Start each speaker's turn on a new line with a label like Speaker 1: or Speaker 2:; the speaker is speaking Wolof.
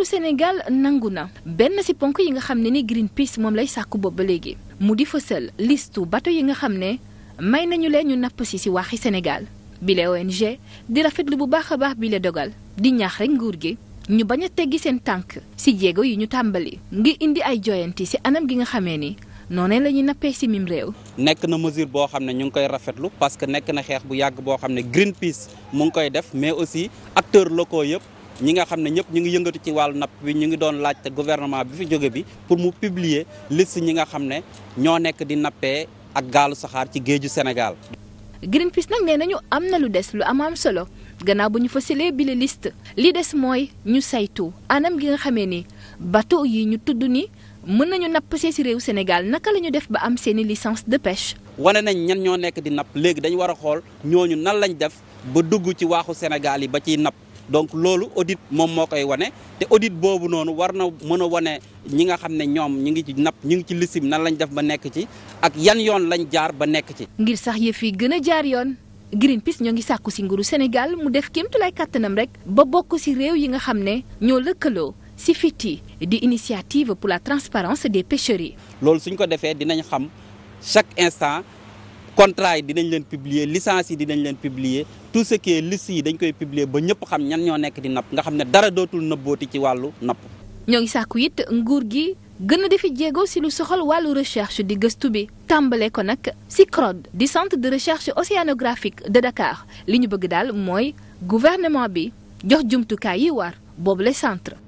Speaker 1: nguuru Sénégal nangu na benn ci ponk yi nga xam ne ni Greenpeace moom lay sàkku bob ba léegi mu di fësal listu bato yi nga xam ne may nañu leen ñu napp si ci waaxi Sénégal bile ONG di rafetlu bu baax a baax bile dogal di ñaax rekk nguur gi ñu bañ a teggi seen tànk ci jéego yi ñu tàmbali ngi indi ay joyanti ci anam gi nga xamee ni noonee la ñuy nappee ci mim réew.
Speaker 2: nekk na mesure boo xam ne ñu ngi koy rafetlu parce que nekk na xeex bu yàgg boo xam ne Greenpeace mu ngi koy def mais aussi acteurs locaux yëpp. ñi nga xam ne ñëpp ñu ngi yëngatu ci wàllu napp bi ñu ngi doon laajte gouvernement bi fi jóge bi pour mu publier liste ñi nga xam ne ñoo nekk di nappee ak gaalu saxaar ci géeju Sénégal.
Speaker 1: Greenpeace nag nee nañu am na lu des lu am solo gannaaw bu ñu fasilee bile liste li des mooy ñu saytu anam gi xamee ni bateau yi ñu tudd ni mën nañu napp see si réew Sénégal naka la ñu def ba am seeni licence de pêche.
Speaker 2: wane nañ ñan ñoo nekk di napp léegi dañu war a xool ñooñu nan lañ def ba dugg ci waaxu Sénégal yi ba ciy napp. donc loolu audit moom moo koy wane te audit boobu noonu war na mën a wane ñi nga xam ne ñoom ñu ngi ci napp ñu ngi ci lisim nan lañ def ba nekk ci ak yan yoon lañ jaar ba nekk ci.
Speaker 1: ngir sax yëf yi gën a jaar yoon. Greenpeace ñoo ngi sàkku si nguuru Sénégal mu def lay kàttanam rek ba bokk ci réew yi nga xam ne ñoo lëkkaloo ci FITI di initiative pour la transparence des pêcheries.
Speaker 2: loolu suñ ko defee dinañ xam chaque instant. contrat yi dinañ leen publier licence yi dinañ leen piblier tout ce qui yi dañ koy publier ba ñëpp xam ñan ñoo nekk di napp nga xam ne dara dootul nëbbooti ci wàllu napp.
Speaker 1: ñoo ngi sàkku it nguur gi gën a defi jéego si lu soxal wàllu recherche di gëstu bi tàmbalee ko nag si CROD di centre de recherche océanographique de Dakar li ñu bëgg daal mooy gouvernement bi jox jumtukaay yi war boobule centre.